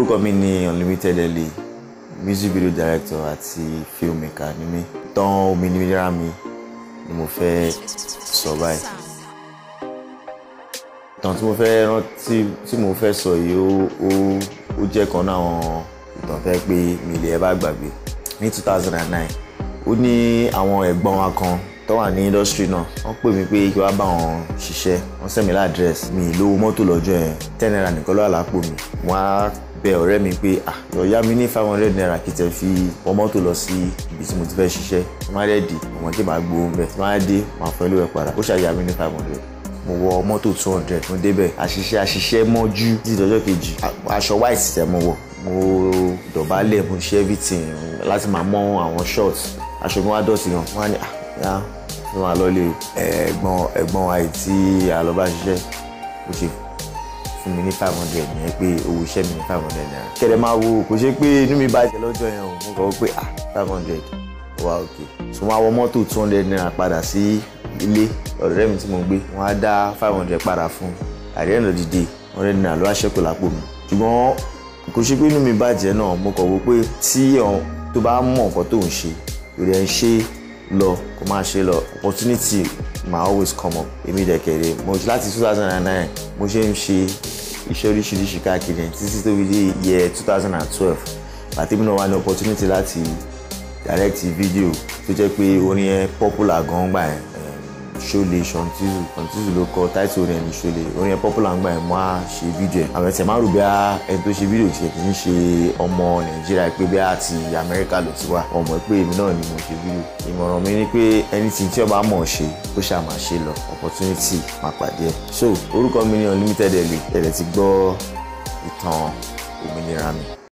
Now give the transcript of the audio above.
orúkọ mi ni Unlimited Ele music video director àti filmmaker ni mí tán òmìnira mi ni mo fẹ́ survive. báyìí ìtàn tí mo fẹ́ rántí tí mo fẹ́ sọ yìí ó ó ó jẹ́ kan náà àwọn ìtàn fẹ́ pé mi ilẹ̀ ẹ bá gbàgbé ní two thousand and nine ó ní àwọn ẹ̀gbọ́n wa kan tó wà ní industry náà wọ́n pè mí pé kí wọ́n bá wọn ṣiṣẹ́ wọ́n send mi láàdírẹ́sì mi lówó mọ́tò lọ́jọ́ yẹn ten naira nìkan lọ́wọ́ àlápò mi wọ́n á bẹ ọ̀rẹ́ mi pé ah, ọ̀yá mi ní five hundred naira kì í tẹ̀ fi wọ́n mọ́tò lọ sí ibi tí mo ti fẹ́ ṣiṣẹ́ tí má dẹ̀ dì ọmọ tí màá gbowó ń bẹ̀ tí má dé màá fẹ́ lówó padà ó ṣàyà mi ní five hundred mo wọ mọ́tò two hundred mo débẹ̀ àṣìṣe àṣìṣe mọ́jú títí dọjọ́ kejì aṣọ white tẹ̀ mo wọ̀ mo dọ̀bálẹ̀ mo ṣe everything láti máa mọ́ àwọn shorts aṣọ mi wá dọ̀tí gan wọ́n á ní ah ní wàá lọ́ọ́lẹ̀ ẹ̀gbọ́n ẹ̀gbọ́n àìtí àlọ́bá ṣiṣẹ́ ó ṣe fún mi ní five hundred yẹn pé owó iṣẹ́ mi ní five hundred naira kẹ̀dẹ̀ máa wo kò ṣe pé inú mi bàjẹ́ lọ́jọ́ yẹn o mo kọ̀ wọ́n pé ah five hundred wà ok so ma á wọ mọ́tò two hundred naira padà sí ilé ọ̀rẹ́ mi tí mo gbé wọ́n á dá five hundred padà fún at the end of the day hundred naira ló wá ṣẹ́kù lápò mi ṣùgbọ́n kò ṣe pé inú mi bàjẹ́ náà mo kọ̀ wọ́n pé tí tó bá mọ̀ nǹkan tó ń ṣe ìrẹ̀ ń ṣe lọ kó máa ṣe lọ opportunity ma always come up èmi dẹ̀kẹ̀rẹ̀ mo láti two thousand and nine mo ṣe ń ṣe iṣẹ́ oríṣiríṣi káàkiri títí tó fi dé year 2012, thousand and twelve pàtẹ́mi náà wà ní opportunity láti direct video tó jẹ́ pé orin yẹn popular gan gbà yẹn ṣọlẹ̀ ṣọ̀ntìzù ṣọ̀ntìzù ló kọ táìtì orin ẹni ṣọlẹ̀ orin ẹ popular ńgbà ẹ̀ mọ́ a ṣe fídíò ẹ̀ àwọn ẹ̀tẹ̀ máa rò a ẹni tó ṣe fídíò ṣe kì í ṣe ọmọ nàìjíríà pé bí a ti amẹ́ríkà ló ti wà ọmọ pé èmi náà ni mo ṣe fídíò ìmọ̀ràn mi ni pé anything tí ọba mọ̀ ṣe ó ṣáà máa ṣe lọ opportunity máa pàdé ẹ̀ so orúkọ mi ni unlimited ẹ̀lẹ́ ẹ̀lẹ́ ti gbọ́ ìtàn òmìnira mi.